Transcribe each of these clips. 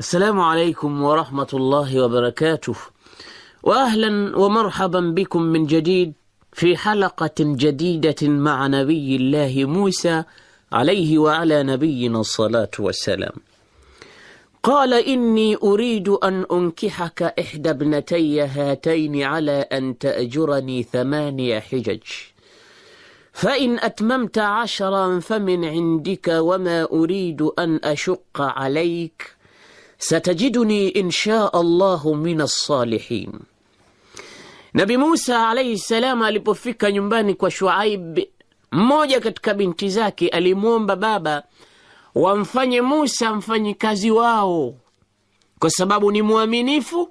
السلام عليكم ورحمة الله وبركاته وأهلا ومرحبا بكم من جديد في حلقة جديدة مع نبي الله موسى عليه وعلى نبينا الصلاة والسلام قال إني أريد أن أنكحك إحدى ابنتي هاتين على أن تأجرني ثماني حجج فإن أتممت عشرا فمن عندك وما أريد أن أشق عليك satajiduni insha allahu min alsalihin. Nabi Musa alaihi salam alipofika nyumbani kwa Shuaib, mmoja katika binti zake alimwomba baba wamfanye Musa mfanyikazi wao, kwa sababu ni mwaminifu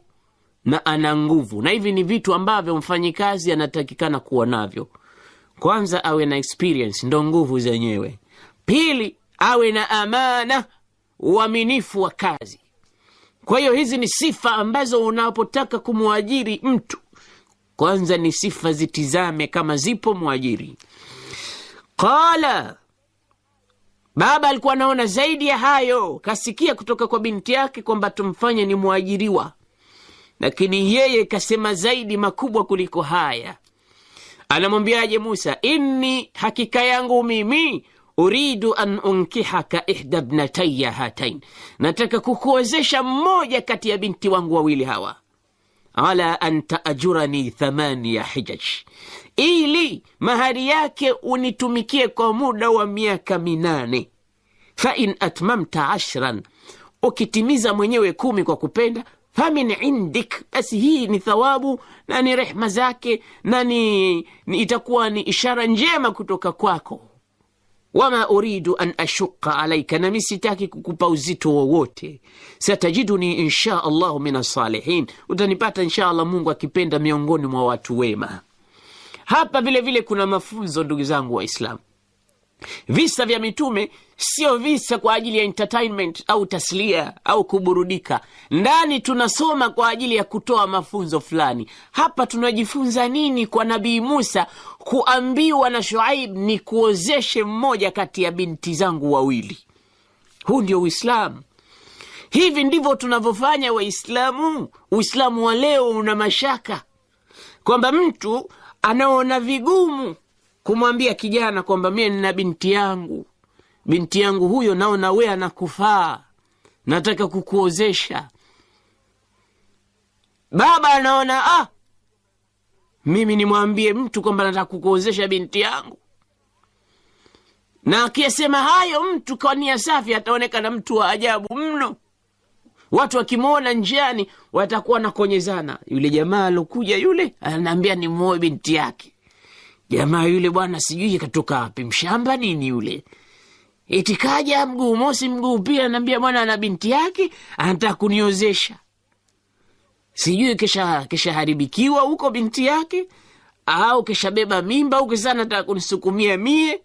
na ana nguvu, na hivi ni vitu ambavyo mfanyikazi anatakikana kuwa navyo. Kwanza awe na experience, ndo nguvu zenyewe. Pili awe na amana, uaminifu wa kazi. Kwa hiyo hizi ni sifa ambazo unapotaka kumwajiri mtu, kwanza ni sifa zitizame kama zipo mwajiri. Qala, baba alikuwa anaona zaidi ya hayo, kasikia kutoka kwa binti yake kwamba tumfanye ni mwajiriwa, lakini yeye kasema zaidi makubwa kuliko haya. Anamwambiaje Musa? Inni, hakika yangu mimi uridu an unkihaka ihda bnataya hatain, nataka kukuozesha mmoja kati ya binti wangu wawili hawa, ala an taajurani thamania hijaj, ili mahari yake unitumikie kwa muda wa miaka minane. Fain atmamta ashran, ukitimiza mwenyewe kumi kwa kupenda famin indik, basi hii ni thawabu na ni rehma zake na ni, ni itakuwa ni ishara njema kutoka kwako wama uridu an ashuka alaika, nami sitaki kukupa uzito wowote. Satajiduni insha allahu min assalihin, utanipata insha allah Mungu akipenda miongoni mwa watu wema. Hapa vilevile vile kuna mafunzo ndugu zangu Waislamu. Visa vya mitume sio visa kwa ajili ya entertainment au taslia au kuburudika. Ndani tunasoma kwa ajili ya kutoa mafunzo fulani. Hapa tunajifunza nini kwa Nabii Musa kuambiwa na Shuaib ni kuozeshe mmoja kati ya binti zangu wawili. Huu ndio Uislamu. Hivi ndivyo tunavyofanya Waislamu. Uislamu wa leo una mashaka kwamba mtu anaona vigumu kumwambia kijana kwamba mie nina binti yangu, binti yangu huyo naona we anakufaa, nataka kukuozesha. Baba anaona ah, mimi nimwambie mtu kwamba nataka kukuozesha binti yangu? Na akiyasema hayo mtu kwa nia safi, ataonekana mtu wa ajabu mno. Watu wakimwona njiani watakuwa nakonyezana yule jamaa alokuja yule anaambia nimwoe binti yake. Jamaa yule bwana, sijui katoka wapi, mshamba nini yule itikaja mguu mosi mguu pia anaambia bwana, ana binti yake anataka kuniozesha sijui kishaharibikiwa kisha huko binti yake, au kishabeba mimba, au kisa nataka kunisukumia mie,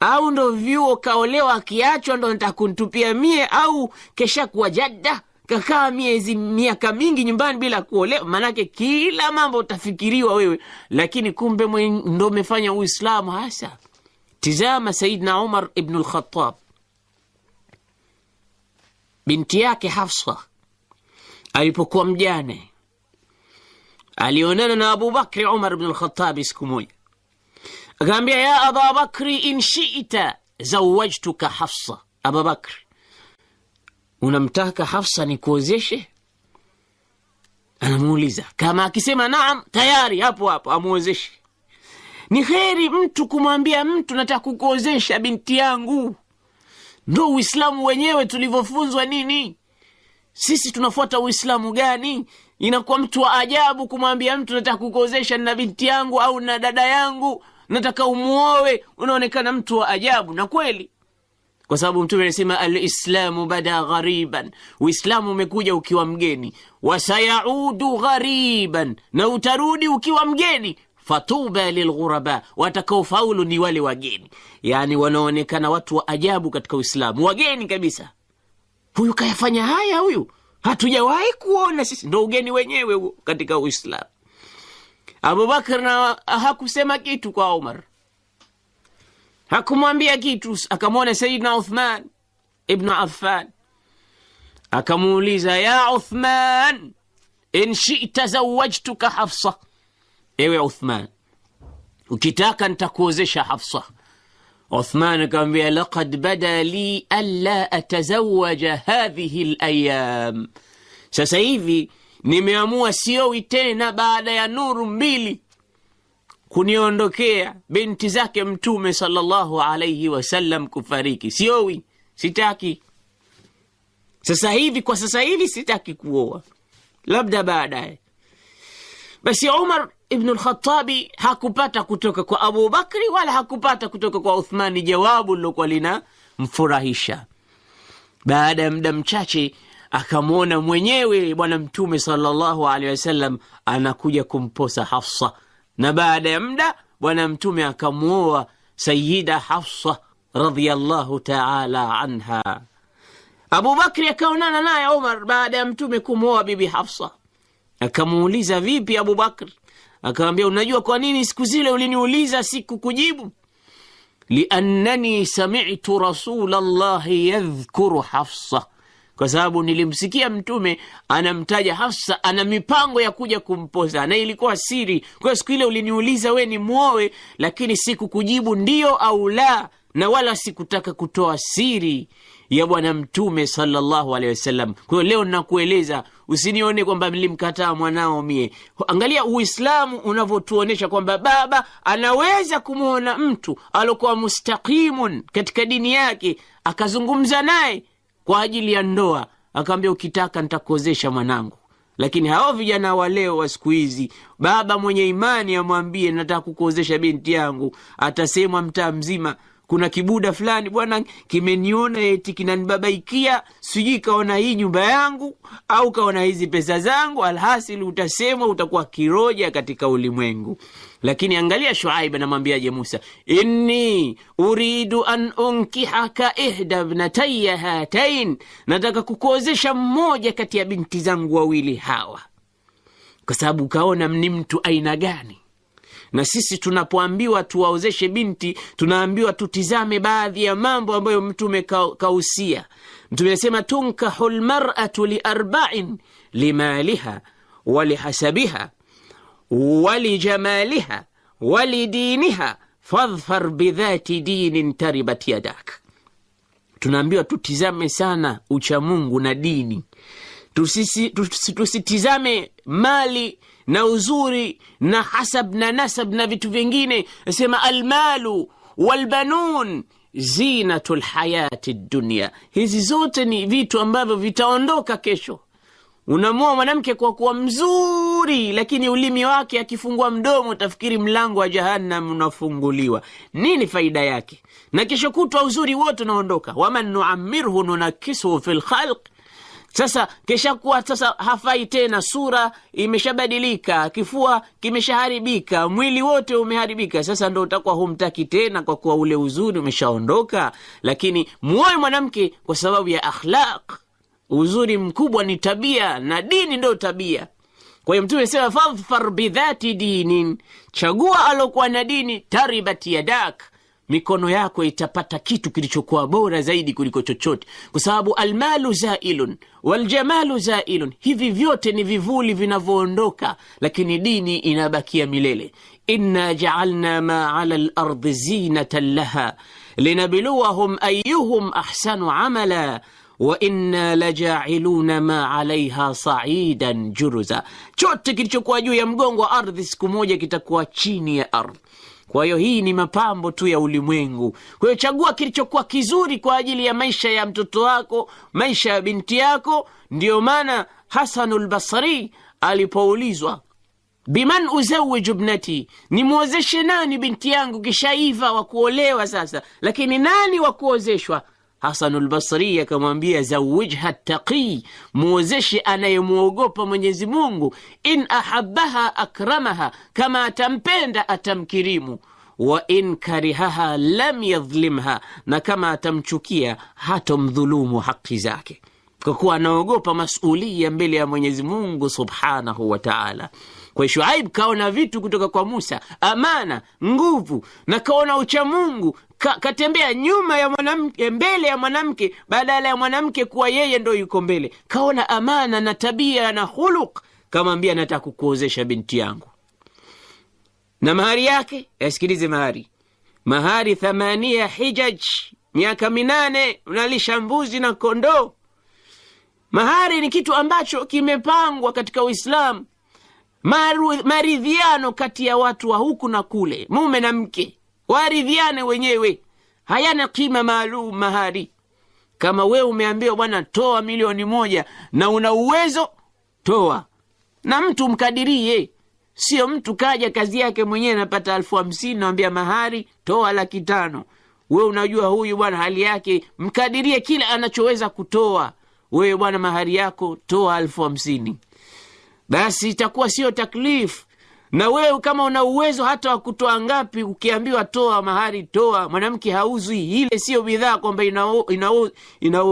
au ndo vyuo kaolewa, akiachwa ndo nataka kunitupia mie, au kesha kuwa jadda kakaa miezi miaka mingi nyumbani bila kuolewa. Maanake kila mambo utafikiriwa wewe, lakini kumbe ndo umefanya Uislamu hasa. Tizama Saidna Umar Ibnu Lkhatab, binti yake Hafsa alipokuwa mjane alionana na Abubakri Umar bnu Lkhatabi siku moja, akaambia ya Ababakri, in shita zawajtuka Hafsa. Ababakri, unamtaka Hafsa nikuozeshe? Anamuuliza, kama akisema naam, tayari hapo hapo amuozeshe. Ni heri mtu kumwambia mtu nataka kukuozesha binti yangu, ndo Uislamu wenyewe tulivyofunzwa nini sisi tunafuata uislamu gani? Inakuwa mtu wa ajabu kumwambia mtu nataka kukozesha na binti yangu au na dada yangu, nataka umuowe. Unaonekana mtu wa ajabu, na kweli, kwa sababu Mtume anasema alislamu bada ghariban, Uislamu umekuja ukiwa mgeni, wasayaudu ghariban, na utarudi ukiwa mgeni Fatuba lilghuraba, watakaofaulu ni wale wageni, yani wanaonekana watu wa ajabu katika Uislamu, wageni kabisa huyu kayafanya haya, huyu hatujawahi kuona sisi, ndo ugeni wenyewe huo katika Uislamu. Abubakar na hakusema kitu kwa Umar, hakumwambia kitu. Akamwona sayidna Uthman ibnu Affan akamuuliza, ya Uthman, in shita zawajtuka Hafsa, ewe Uthman, ukitaka ntakuozesha Hafsa. Othman akamwambia lakad bada li alla atazawaja hadhihi layam, sasa hivi nimeamua siowi tena baada ya nuru mbili kuniondokea binti zake Mtume sallallahu alaihi wasallam kufariki. Siowi, sitaki sasa hivi, kwa sasa hivi sitaki kuoa, labda baadaye. Basi Umar Ibnu Lkhatabi hakupata kutoka kwa Abubakri wala hakupata kutoka kwa Uthmani jawabu lilokuwa linamfurahisha. Baada ya muda mchache akamwona mwenyewe Bwana Mtume sallallahu alaihi wasallam anakuja kumposa Hafsa, na baada ya muda Bwana Mtume akamwoa Sayida Hafsa radhiyallahu taala anha. Abubakri akaonana naye Omar baada ya Mtume kumwoa Bibi Hafsa, akamuuliza vipi Abubakri akawambia unajua kwa nini siku zile uliniuliza sikukujibu? Liannani samitu rasula yadhkuru Hafsa, kwa sababu nilimsikia Mtume anamtaja Hafsa, ana mipango ya kuja kumpoza, na ilikuwa siri. Kwa hiyo siku ile uliniuliza we ni mwowe, lakini sikukujibu ndio au la, na wala sikutaka kutoa siri ya Bwana Mtume sallallahu alaihi wasallam. Kwa leo nakueleza Usinione kwamba mlimkataa mwanao mie. Angalia Uislamu unavyotuonyesha kwamba baba anaweza kumwona mtu alokuwa mustaqimun katika dini yake, akazungumza naye kwa ajili ya ndoa, akaambia ukitaka ntakuozesha mwanangu. Lakini hao vijana waleo wa siku hizi, baba mwenye imani amwambie nataka kukuozesha binti yangu, atasemwa mtaa mzima kuna kibuda fulani bwana kimeniona eti kinanibabaikia, sijui kaona hii nyumba yangu au kaona hizi pesa zangu. Alhasil utasemwa utakuwa kiroja katika ulimwengu. Lakini angalia, Shuaib anamwambiaje Musa, inni uridu an unkihaka ihda bnataya hatain, nataka kukuozesha mmoja kati ya binti zangu wawili hawa, kwa sababu kaona ni mtu aina gani na sisi tunapoambiwa tuwaozeshe binti, tunaambiwa tutizame baadhi ya mambo ambayo Mtume kausia. Mtume anasema tunkahu lmaratu liarbain limaliha walihasabiha walijamaliha walidiniha fadhfar bidhati dinin taribat yadak. Tunaambiwa tutizame sana uchamungu na dini, tusitizame mali na uzuri na hasab na nasab na vitu vingine. asema almalu walbanun zinatu lhayati dunia, hizi zote ni vitu ambavyo vitaondoka kesho. unamua mwanamke kwa kuwa mzuri, lakini ulimi wake akifungua mdomo utafikiri mlango wa jahannam unafunguliwa. Nini faida yake? Na kesho kutwa uzuri wote unaondoka. waman nuamirhu nunakisuhu fi lkhalqi sasa keshakuwa sasa hafai tena, sura imeshabadilika, kifua kimeshaharibika, mwili wote umeharibika. Sasa ndo utakuwa humtaki tena, kwa kuwa ule uzuri umeshaondoka. Lakini muoe mwanamke kwa sababu ya akhlaq, uzuri mkubwa ni tabia, na dini ndo tabia. Kwa hiyo Mtume sema fadhfar bidhati dinin, chagua alokuwa na dini, taribat yadak mikono yako itapata kitu kilichokuwa bora zaidi kuliko chochote, kwa sababu almalu zailun waljamalu zailun, hivi vyote ni vivuli vinavyoondoka, lakini dini inabakia milele. inna jaalna ma ala lardi zinatan laha linabluwahum ayuhum ahsanu amala wa inna lajailuna ma alaiha saidan juruza, chote kilichokuwa juu ya mgongo wa ardhi siku moja kitakuwa chini ya ardhi kwa hiyo hii ni mapambo tu ya ulimwengu. Kwa hiyo chagua kilichokuwa kizuri kwa ajili ya maisha ya mtoto wako, maisha ya binti yako. Ndiyo maana Hasanul Basri alipoulizwa biman uzawiju bnati, nimwozeshe nani binti yangu, kishaiva wa kuolewa sasa, lakini nani wa kuozeshwa? Hasan lbasri akamwambia zawijha taqi, muozeshe anayemwogopa Mwenyezi Mungu. In ahabaha akramaha, kama atampenda atamkirimu wa in karihaha lam yadhlimha, na kama atamchukia hatomdhulumu haki zake, kwa kuwa anaogopa masulia mbele ya Mwenyezi Mungu subhanahu wa taala. Kwa Shuaib kaona vitu kutoka kwa Musa, amana, nguvu, na kaona ucha Mungu, ka, katembea nyuma ya mwanamke, eh, mbele ya mwanamke badala ya mwanamke kuwa yeye ndo yuko mbele. Kaona amana na tabia na huluk, kamwambia nataka kukuozesha binti yangu, na mahari yake, yasikilize eh, mahari, mahari thamania hijaj, miaka minane, unalisha mbuzi na kondoo. Mahari ni kitu ambacho kimepangwa katika Uislamu, maridhiano kati ya watu wa huku na kule, mume na mke waridhiane wenyewe, hayana kima maalum mahari. Kama wewe umeambiwa bwana, toa milioni moja na una uwezo, toa na mtu mkadirie, sio mtu kaja kazi yake mwenyewe napata elfu hamsini nawambia mahari toa laki tano. we unajua huyu bwana hali yake, mkadirie kila anachoweza kutoa. Wewe bwana mahari yako toa elfu hamsini, basi itakuwa sio taklifu na wewe kama una uwezo hata wa kutoa ngapi, ukiambiwa toa mahari toa. Mwanamke hauzwi, ile siyo bidhaa kwamba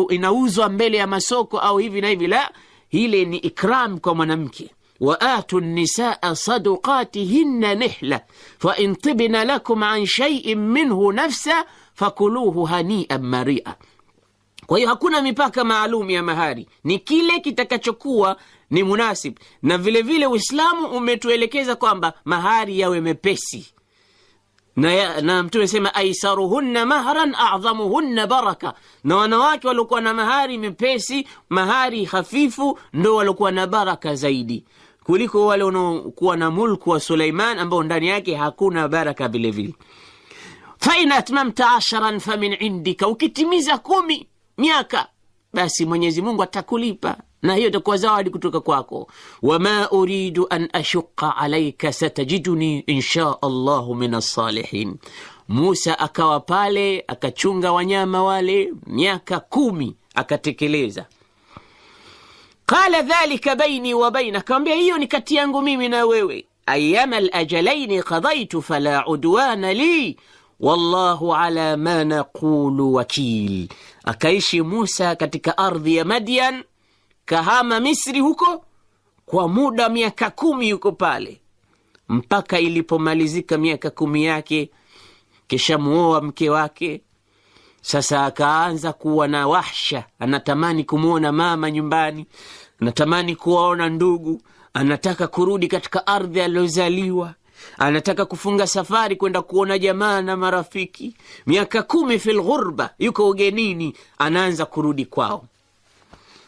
inauzwa mbele ya masoko au hivi na hivi, la, ile ni ikram kwa mwanamke. wa atu nisaa sadukatihinna nihla fain tibna lakum an shaiin minhu nafsa fakuluhu hanian maria. Kwa hiyo hakuna mipaka maalum ya mahari, ni kile kitakachokuwa ni munasib, na vilevile Uislamu vile umetuelekeza kwamba mahari yawe mepesi na, ya, na Mtume sema aisaruhunna mahran adhamuhunna baraka, na wanawake waliokuwa na mahari mepesi, mahari hafifu, ndo waliokuwa na baraka zaidi kuliko wale wanaokuwa na mulku wa Suleiman ambao ndani yake hakuna baraka vilevile. fain atmamta asharan famin indika, ukitimiza kumi miaka basi Mwenyezi Mungu atakulipa na hiyo itakuwa zawadi kutoka kwako. wama uridu an ashuqa alaika satajiduni insha allahu min assalihin. Musa akawa pale akachunga wanyama wale miaka kumi akatekeleza. qala dhalika baini wa baina, akamwambia hiyo ni kati yangu mimi na wewe. ayama lajalaini qadaitu fala udwana li wallahu ala ma naqulu wakil. Akaishi Musa katika ardhi ya Madian akahama Misri huko kwa muda wa miaka kumi yuko pale mpaka ilipomalizika miaka kumi yake, kisha muoa mke wake. Sasa akaanza kuwa na wahsha, anatamani kumwona mama nyumbani, anatamani kuwaona ndugu, anataka kurudi katika ardhi aliyozaliwa, anataka kufunga safari kwenda kuona jamaa na marafiki. Miaka kumi fil ghurba, yuko ugenini, anaanza kurudi kwao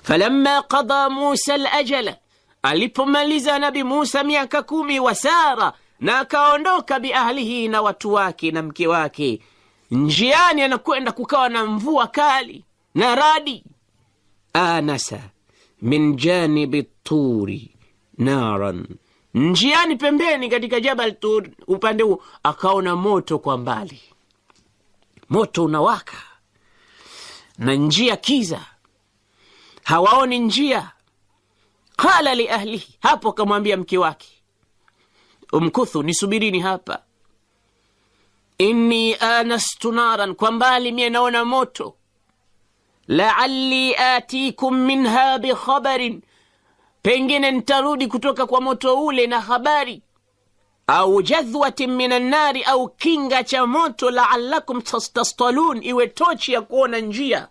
falamma qada Musa lajala alipomaliza Nabi Musa miaka kumi wasara na akaondoka biahlihi na watu wake na mke wake. Njiani anakwenda kukawa na mvua kali na radi. Anasa min janibi turi naran, njiani pembeni katika jabal Tur, upande huo akaona moto kwa mbali, moto unawaka na njia kiza hawaoni njia. Qala li ahlihi, hapo akamwambia mke wake, umkuthu, nisubirini hapa, inni anastu naran, kwa mbali mie naona moto, laali atikum minha bikhabarin, pengine ntarudi kutoka kwa moto ule na habari au jadhwatin min annari, au kinga cha moto, laalakum tastastalun, iwe tochi ya kuona njia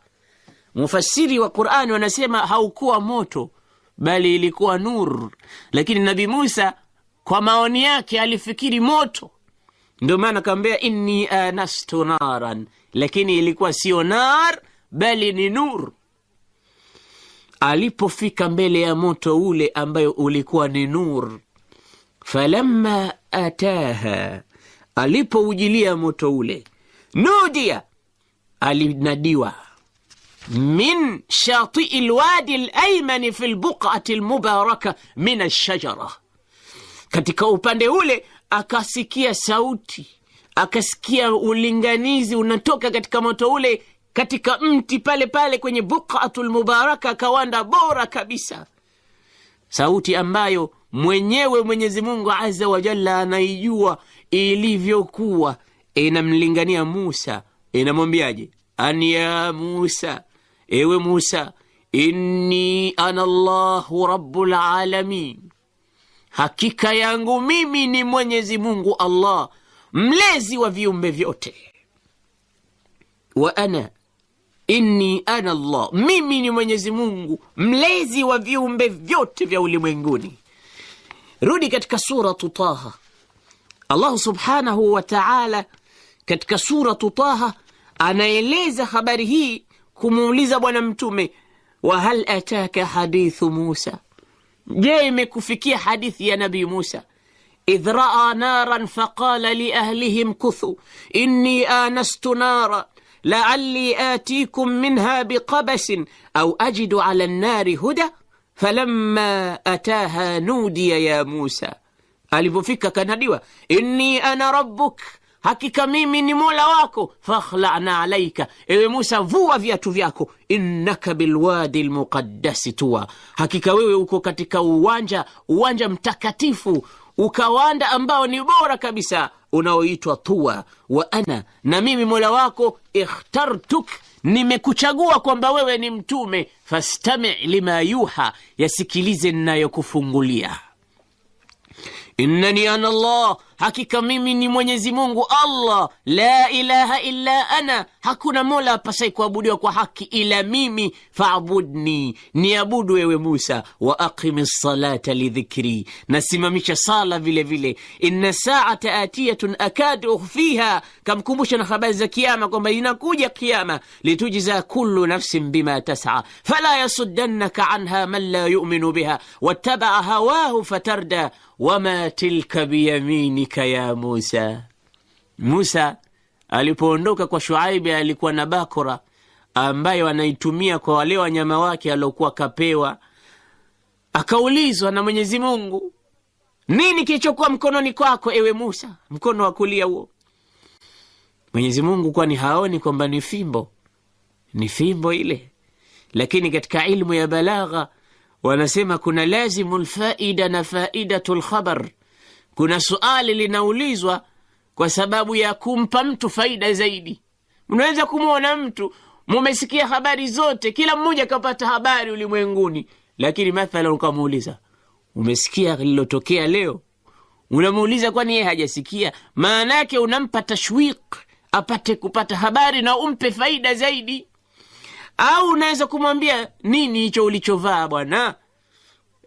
Mufasiri wa Qur'ani wanasema haukuwa moto bali ilikuwa nur, lakini Nabi Musa kwa maoni yake alifikiri moto, ndio maana akawambia inni anastu naran, lakini ilikuwa siyo nar bali ni nur. Alipofika mbele ya moto ule ambayo ulikuwa ni nur, falamma ataha, alipoujilia moto ule nudia, alinadiwa min shatii lwadi laimani fi lbuqati lmubaraka min alshajara, katika upande ule akasikia sauti, akasikia ulinganizi unatoka katika moto ule katika mti pale pale kwenye buqatu lmubaraka, kawanda bora kabisa, sauti ambayo mwenyewe Mwenyezi Mungu azza wa jalla anaijua ilivyokuwa. Inamlingania Musa, inamwambiaje? an ya Musa ewe Musa, inni ana llahu rabbul alamin, hakika yangu mimi ni Mwenyezi Mungu Allah mlezi wa viumbe vyote. Wa ana inni ana Allah, mimi ni Mwenyezi Mungu mlezi wa viumbe vyote vya ulimwenguni. Rudi katika suratu Taha. Allahu subhanahu wa taala katika suratu Taha anaeleza habari hii kumuuliza Bwana Mtume, wa hal ataka hadithu Musa, je, imekufikia hadithi ya Nabii Musa idh raa naran faqala liahlihim kuthu inni anastu nara laali atikum minha biqabasin au ajidu ala lnari huda falamma ataha nudiya ya Musa, alipofika kanadiwa, inni ana rabbuk hakika mimi ni mola wako, fakhlana alaika, ewe Musa, vua viatu vyako, innaka bilwadi lmuqaddasi tuwa, hakika wewe uko katika uwanja uwanja mtakatifu ukawanda ambao ni bora kabisa unaoitwa Tuwa. Wa ana na mimi mola wako, ikhtartuk nimekuchagua kwamba wewe ni mtume, fastami lima yuha, yasikilize nnayokufungulia Innani ana Allah hakika mimi ni Mwenyezi Mungu Allah la ilaha illa ana hakuna mola apasai kuabudiwa kwa haki ila mimi, faabudni, niabudu wewe Musa. Wa aqimi salata lidhikri, nasimamisha sala vile vile Inna saata atiyatun akadu ukhfiha, kamkumbusha na habari za kiama kwamba inakuja kiama. Litujza kullu nafsin bima tasa fala yasuddannaka anha man la yuminu biha wattabaa hawahu fatarda wama tilka biyaminika ya Musa. Musa alipoondoka kwa Shuaibi alikuwa na bakora ambayo anaitumia kwa wale wanyama wake aliokuwa kapewa. Akaulizwa na Mwenyezi Mungu, nini kilichokuwa mkononi kwako, ewe Musa, mkono wa kulia huo? Mwenyezi Mungu kwani haoni kwamba ni fimbo? Ni fimbo ile. Lakini katika ilmu ya balagha wanasema kuna lazimu lfaida na faidatu lkhabar, kuna suali linaulizwa kwa sababu ya kumpa mtu faida zaidi. Mnaweza kumwona mtu, mumesikia habari zote, kila mmoja kapata habari ulimwenguni, lakini mathalan ukamuuliza umesikia lililotokea leo, unamuuliza kwani yeye hajasikia? Maana yake unampa tashwik apate kupata habari na umpe faida zaidi. Au unaweza kumwambia nini hicho ulichovaa bwana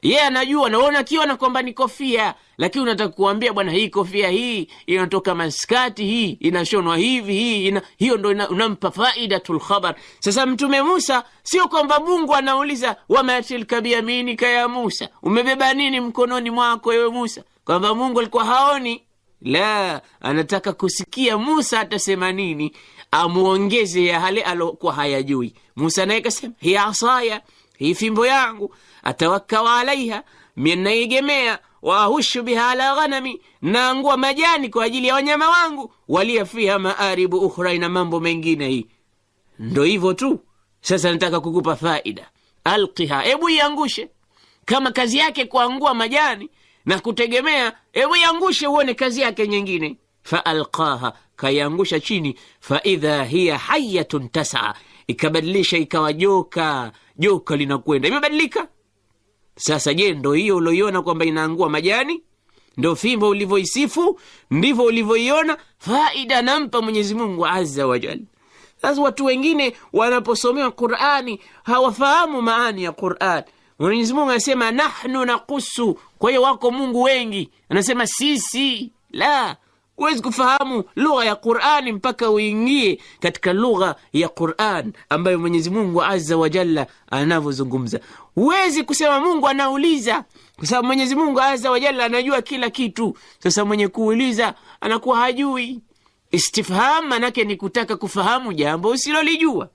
yeye yeah, anajua naona akiwa na kwamba ni kofia, lakini unataka kuambia bwana, hii kofia hii inatoka Maskati, hii inashonwa hivi, hii ina, hiyo ndo unampa faidatul khabar. Sasa Mtume Musa, sio kwamba Mungu anauliza wamatilka biyaminika ya Musa, umebeba nini mkononi mwako ewe Musa, kwamba Mungu alikuwa haoni. La, anataka kusikia Musa atasema nini, amwongeze ya hale alokuwa hayajui. Musa naye kasema hiya asaya hii fimbo yangu, atawakawa alaiha, minnaiegemea, waahushu biha ala ghanami, naangua majani kwa ajili ya wanyama wangu, walia fiha maaribu ukhra, na mambo mengine. Hii ndo hivyo tu. Sasa nataka kukupa faida, alqiha, ebu iangushe. Kama kazi yake kuangua majani na kutegemea, ebu iangushe uone kazi yake nyingine. Faalqaha kaiangusha chini, faidha hiya hayatun tasaa, ikabadilisha ikawa joka, joka linakwenda, imebadilika sasa. Je, ndo hiyo ulioiona kwamba inaangua majani? Ndo fimbo ulivyoisifu, ndivyo ulivyoiona faida. Nampa Mwenyezi Mungu azza Sasa watu wengine wanaposomewa Qurani hawafahamu maani ya quran Mwenyezi Mungu anasema nahnu nakusu, kwa hiyo wako Mungu wengi, anasema sisi la Huwezi kufahamu lugha ya Qur'ani mpaka uingie katika lugha ya Qur'an ambayo Mwenyezi Mungu Azza wa Jalla anavyozungumza. Huwezi kusema Mungu anauliza, kwa sababu Mwenyezi Mungu Azza wa Jalla anajua kila kitu. Sasa mwenye kuuliza anakuwa hajui. Istifham manake ni kutaka kufahamu jambo usilolijua.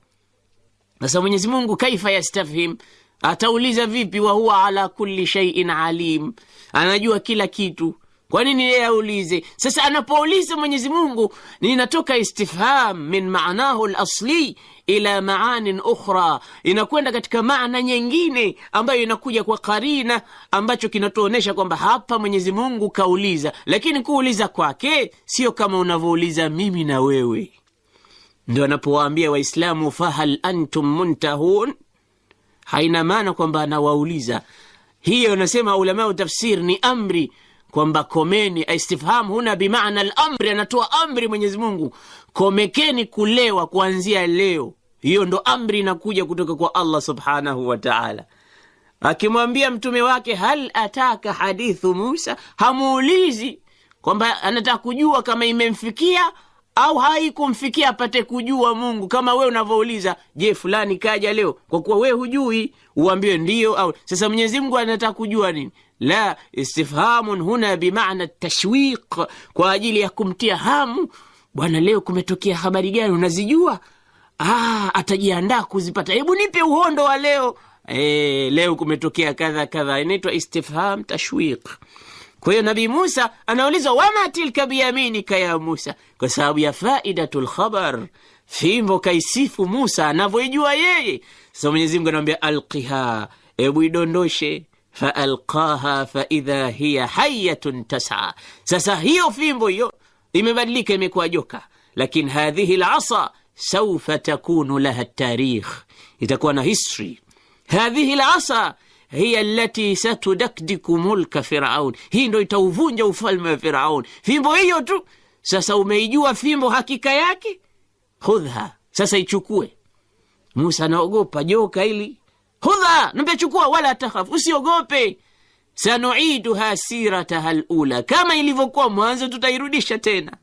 Sasa Mwenyezi Mungu kaifa yastafhim atauliza vipi? Wa huwa ala kulli shay'in alim, anajua kila kitu. Kwa nini yeye aulize? Sasa anapouliza Mwenyezi Mungu ninatoka istifham min maanahu lasli ila maanin ukhra, inakwenda katika maana nyingine ambayo inakuja kwa karina, ambacho kinatuonyesha kwamba hapa Mwenyezi Mungu kauliza, lakini kuuliza kwake sio kama unavyouliza mimi na wewe. Ndio anapowaambia Waislamu, fahal antum muntahun, haina maana kwamba anawauliza hiyo. Anasema ulamaa tafsir ni amri kwamba komeni, istifham huna bimana lamri anatoa amri Mwenyezi Mungu, komekeni kulewa kuanzia leo. Hiyo ndo amri inakuja kutoka kwa Allah subhanahu wataala akimwambia mtume wake, hal ataka hadithu Musa, hamuulizi kwamba anataka kujua kama imemfikia au haikumfikia, apate kujua Mungu kama wewe unavyouliza, je, fulani kaja leo? Kwa kuwa wewe hujui, uambiwe ndio au. Sasa Mwenyezi Mungu anataka kujua nini? la istifhamun huna bimana tashwiq, kwa ajili ya kumtia hamu. Bwana, leo kumetokea habari gani? Unazijua? Ah, atajiandaa kuzipata. Hebu nipe uhondo wa leo. E, leo kumetokea kadha kadha, inaitwa istifham tashwiq. Kwa hiyo Nabii Musa anaulizwa wama tilka biyaminika ya Musa, kwa sababu ya faidatu lkhabar, fimbo kaisifu Musa anavyoijua yeye. Sasa Mwenyezi Mungu anamwambia alqiha, hebu idondoshe faalqaha faidha hiya hayatun tasa. Sasa hiyo fimbo hiyo imebadilika, imekuwa joka, lakini hadhihi lasa saufa takunu laha tarikh, itakuwa na history. Hadhihi lasa hiya lati satudakdiku mulka Firaun, hii ndo itauvunja ufalme wa Firaun. Fimbo hiyo tu. Sasa umeijua fimbo hakika yake, khudhha, sasa ichukue. Musa anaogopa joka hili Hudha, nambia wala tahaf usiogope. Sanuiduha sirataha lula, kama ilivyokuwa mwanzo, tutairudisha tena,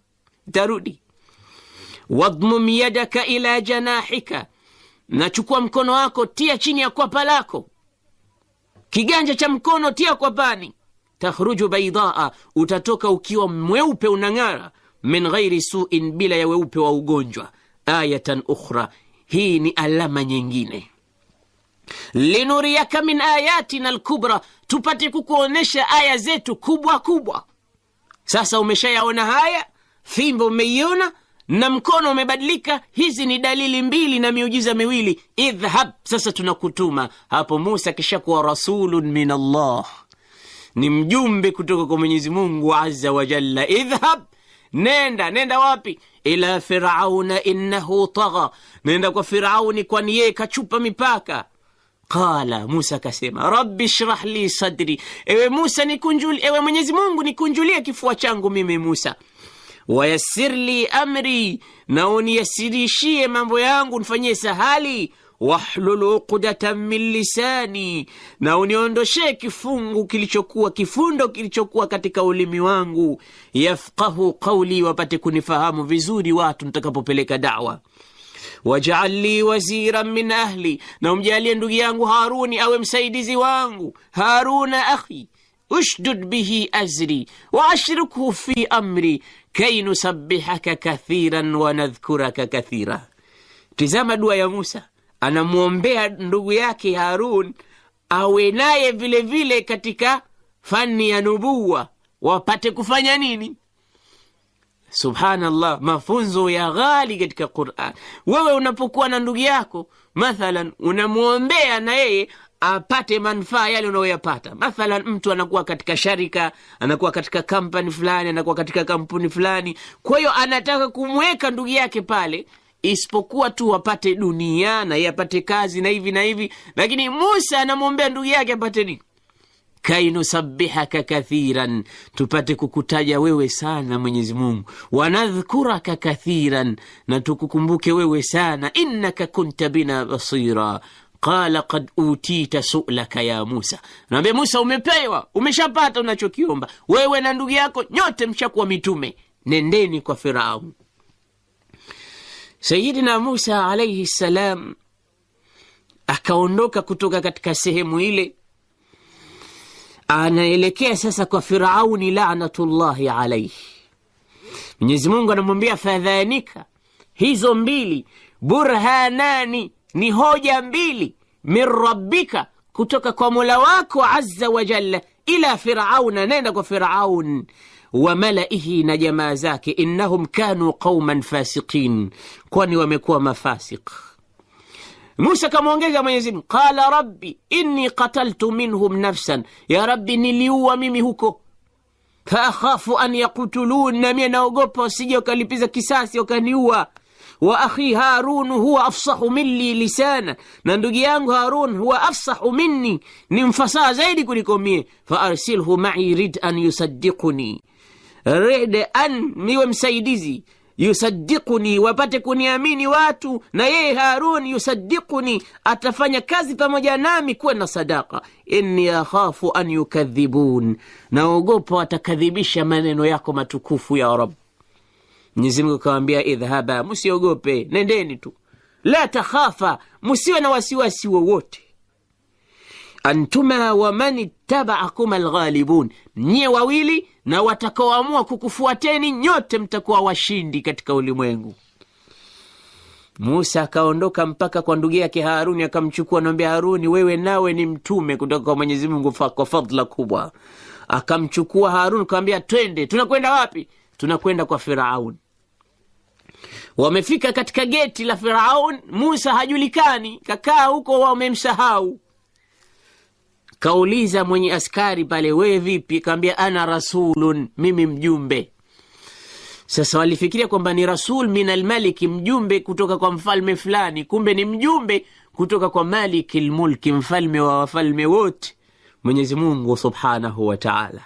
tarudi Wadmum yadaka ila janahika, nachukua mkono wako, tia chini ya kwapa lako, kiganja cha mkono tia kwapani. tahruju baidaa, utatoka ukiwa mweupe unang'ara, min ghairi suin, bila ya weupe wa ugonjwa. Ayatan ukhra, hii ni alama nyingine linuriyaka min ayatina lkubra tupate kukuonyesha aya zetu kubwa kubwa. Sasa umeshayaona haya, fimbo umeiona na mkono umebadilika. Hizi ni dalili mbili na miujiza miwili. Idhhab, sasa tunakutuma hapo. Musa akishakuwa rasulun min Allah, ni mjumbe kutoka kwa Mwenyezi Mungu azza Idhhab, nenda nenda wapi? Ila firauna innahu tagha, nenda kwa Firauni, kwani yeye kachupa mipaka Qala Musa akasema rabbi shrah li sadri, ewe Musa nikunjul, ewe Mwenyezi Mungu nikunjulie kifua changu mimi Musa. Wayassir li amri, na uniyasirishie mambo yangu, nifanyie sahali. Wahlul uqdatan min lisani, na uniondoshe kifungu kilichokuwa kifundo kilichokuwa katika ulimi wangu. Yafqahu qawli, wapate kunifahamu vizuri watu nitakapopeleka dawa waj'al li waziran min ahli, na umjalie ndugu yangu Haruni awe msaidizi wangu. Haruna akhi ushdud bihi azri waashrikhu fi amri kay nusabbihaka kathiran wanadhkuraka kathira. Tizama dua ya Musa, anamwombea ndugu yake Harun awe naye vilevile katika fani ya nubuwa, wapate kufanya nini? Subhanallah, mafunzo ya ghali katika Quran. Wewe unapokuwa na ndugu yako mathalan, unamwombea na yeye apate manufaa yale unayoyapata. Mathalan, mtu anakuwa katika sharika, anakuwa katika kampani fulani, anakuwa katika kampuni fulani, kwa hiyo anataka kumweka ndugu yake pale isipokuwa tu wapate dunia na yeye apate kazi na hivi na hivi, lakini Musa anamwombea ndugu yake apate nini? kai nusabihaka kathiran, tupate kukutaja wewe sana Mwenyezi Mungu, wanadhkuraka kathiran, na tukukumbuke wewe sana, innaka kunta bina basira Qala kad utita sulaka ya Musa, naambia Musa, umepewa umeshapata unachokiomba wewe na ndugu yako, nyote mshakuwa mitume, nendeni kwa Firaun. Sayidina Musa alaihi ssalam akaondoka kutoka katika sehemu ile anaelekea sasa kwa Firauni laanatullahi alaihi. Mwenyezi Mungu anamwambia fadhanika, hizo mbili burhanani, ni hoja mbili min rabbika, kutoka kwa mola wako azza wa jalla, ila firaun nenda kwa Firaun wa malaihi, na jamaa zake, innahum kanu qauman fasiqin, kwani wamekuwa mafasik Musa akamwongeza Mwenyezi Mungu, qala rabbi inni qataltu minhum nafsan, ya rabbi niliua mimi huko faakhafu an yaqtulun, namie naogopa wasije wakalipiza kisasi wakaniua. Wa akhi Harun huwa afsahu minni lisana, na ndugu yangu Harun huwa afsahu minni, ni mfasaha zaidi kuliko mie. Faarsilhu mai rid an yusaddiquni, rid an niwe msaidizi yusadikuni, wapate kuniamini watu, na yeye harun yusadikuni, atafanya kazi pamoja nami kuwa na sadaka. Inni akhafu an yukadhibun, naogopa watakadhibisha maneno yako matukufu ya rab Mwenyezi akawambia, idhhaba, msiogope, nendeni tu, la takhafa, musiwe na wasiwasi wowote antuma wa man ittabaakum alghalibun, nyie wawili na watakaoamua kukufuateni nyote mtakuwa washindi katika ulimwengu. Musa akaondoka mpaka kwa ndugu yake Haruni, akamchukua namwambia Haruni, wewe nawe ni mtume kutoka kwa Mwenyezi Mungu kwa fadhila kubwa. Akamchukua Haruni akamwambia, twende. Tunakwenda wapi? Tunakwenda kwa Firaun. Wamefika katika geti la Firaun, Musa hajulikani, kakaa huko, wamemsahau Kauliza mwenye askari pale, wewe vipi? Kaambia ana rasulun, mimi mjumbe. Sasa walifikiria kwamba ni rasul min almaliki, mjumbe kutoka kwa mfalme fulani, kumbe ni mjumbe kutoka kwa maliki lmulki, mfalme wa wafalme wote, Mwenyezi Mungu subhanahu wa taala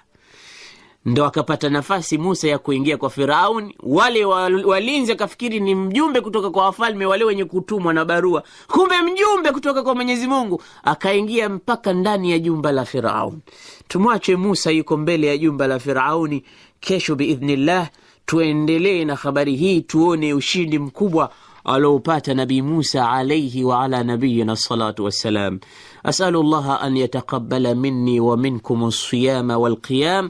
ndo akapata nafasi Musa ya kuingia kwa Firauni. Wale walinzi akafikiri ni mjumbe kutoka kwa wafalme wale wenye kutumwa na barua, kumbe mjumbe kutoka kwa Mwenyezi Mungu. Akaingia mpaka ndani ya jumba la Firauni. Tumwache Musa yuko mbele ya jumba la Firauni. Kesho biidhnillah tuendelee na habari hii, tuone ushindi mkubwa alopata Nabi Musa alaihi wa nabiyina salatu wassalam. Asalu llaha an yatakabala minni wa minkum alsiyama walqiyam